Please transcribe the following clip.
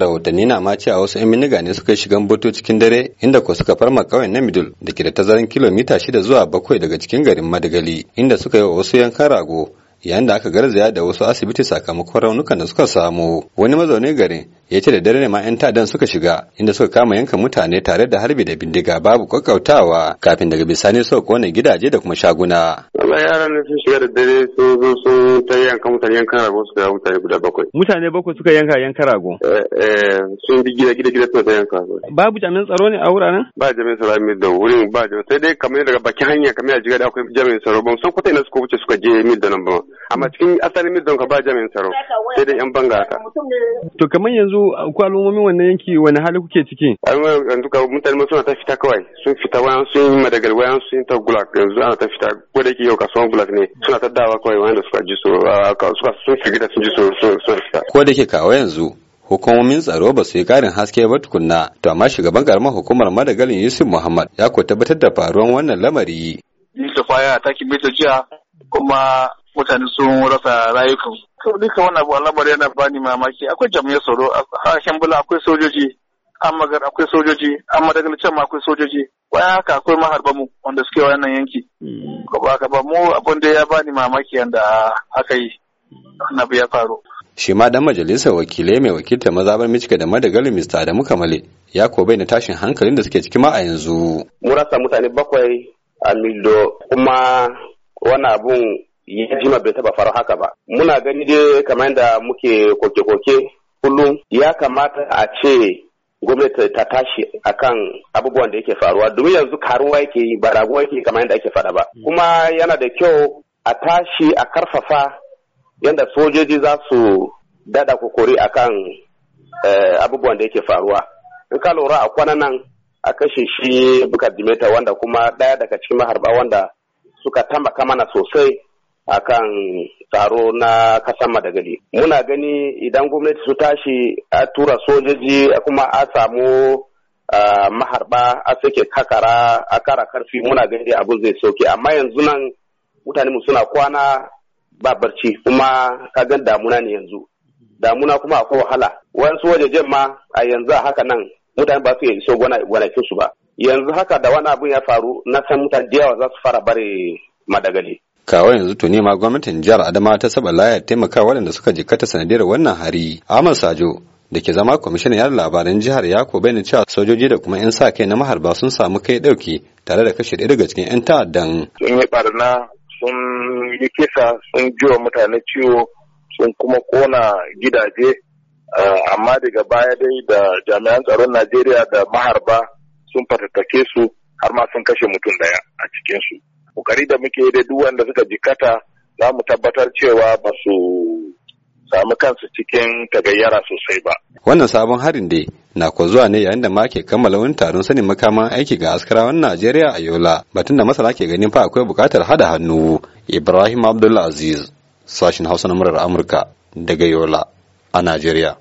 rahotanni na ma cewa wasu 'yan miniga ne suka shigan boto cikin dare inda ko suka farma kawai na midul da ke da tazarin kilomita shida zuwa bakwai daga cikin garin madagali inda suka yi wa wasu yankan rago yayin da aka garzaya da wasu asibiti sakamakon raunukan da suka samu wani mazaunin garin ya ce da dare ne ma 'yan ta'addan suka shiga inda suka kama yanka mutane tare da harbi da bindiga babu kwakkautawa kafin daga bisani suka kone gidaje da kuma shaguna. Allah yaran ne sun shiga da dare sun zo sun ta yanka mutane yanka rago suka yanka mutane guda bakwai. Mutane bakwai suka yanka yanka rago. Eh, eh, sun bi gida gida gida suna ta yanka. Babu jami'an tsaro ne a wuraren? Ba jami'an tsaro ne da wurin ba jami'an sai dai kamar daga bakin hanya kamar a jiga da akwai jami'an tsaro ban san kwata ina suka wuce suka je mil da nan ba amma cikin asalin mil don ka ba jami'an tsaro sai dai yan banga haka. To kamar yanzu yanzu ku al'ummomin wannan yanki wani hali kuke ciki? yanzu ka mutane suna ta fita kawai sun fita wayan sun yi madagal wayan sun ta gulak yanzu ana ta fita ko da yake yau kasuwan gulak ne suna ta dawa kawai wanda suka ji so suka sun firgita sun ji so sun fita. Ko da yake kawo yanzu hukumomin tsaro ba su yi karin haske ba tukunna to amma shugaban karamar hukumar madagalin yusuf muhammad ya ko tabbatar da faruwan wannan lamari. Yusuf ya taki mito jiya kuma mutane sun rasa rayukan to duka wannan abu al'amari yana bani mamaki akwai jami'an tsaro a shambula akwai sojoji an magar akwai sojoji an madagalcin ma akwai sojoji ya haka akwai maharba mu wanda suke wannan yanki hmm. ko ba ka ba mu abin da ya bani mamaki yanda aka yi abu ya faru shi ma dan majalisar wakilai mai wakiltar mazabar Michika da Madagali Mr. Adamu Kamale ya ko na tashin hankalin da suke ciki ma a yanzu. Mu rasa mutane bakwai a Mildo kuma wani abun ya jima bai taba faru haka ba muna gani dai kamar yadda muke koke-koke kullum ya kamata a ce gwamnati ta tashi akan abubuwan da yake faruwa domin yanzu karuwa yake yi ba raguwa yake kamar yadda ake faɗa ba mm. kuma yana da kyau a tashi a karfafa yadda sojoji za su dada kokori akan eh, abubuwan da yake faruwa in ka lura a kwananan nan a kashe shi bukar dimeta wanda kuma ɗaya daga cikin maharba wanda suka tambaka mana sosai akan tsaro na kasan madagali. Muna gani idan gwamnati su tashi a tura sojoji kuma a samu maharba a sake kakara a kara karfi muna gani abu zai sauke amma yanzu nan mutane mu suna kwana ba barci kuma kagan damuna ne yanzu damuna kuma akwai wahala wasu wajejen ma a yanzu a haka nan mutane ba su iya iso gwanakin su ba yanzu haka da wani abin ya faru na san mutane da yawa za su fara bare madagali kawo yanzu to ma gwamnatin jihar adama ta saba layar taimaka waɗanda suka jikkata sanadiyar wannan hari ahmad sajo da ke zama kwamishinan yada labaran jihar yako bayanin cewa sojoji da kuma 'yan sa kai na maharba sun samu kai ɗauki tare da kashe ɗaya daga cikin 'yan ta'addan. sun yi barna sun yi kisa sun jiwa mutane ciwo sun kuma kona gidaje amma daga baya dai da jami'an tsaron najeriya da maharba sun fatattake su har ma sun kashe mutum ɗaya a cikinsu. kokari da muke da duk wanda suka jikata za mu tabbatar cewa ba su sami kansu cikin tagayyara sosai ba. Wannan sabon harin dai na ko zuwa ne yayin da ma ke kammala wani taron sanin makaman aiki ga askarawan Najeriya a Yola batun da masana ke ganin fa akwai bukatar hada hannu Ibrahim AbdulAziz, sashin Hausa na murar Amurka daga Yola a Najeriya.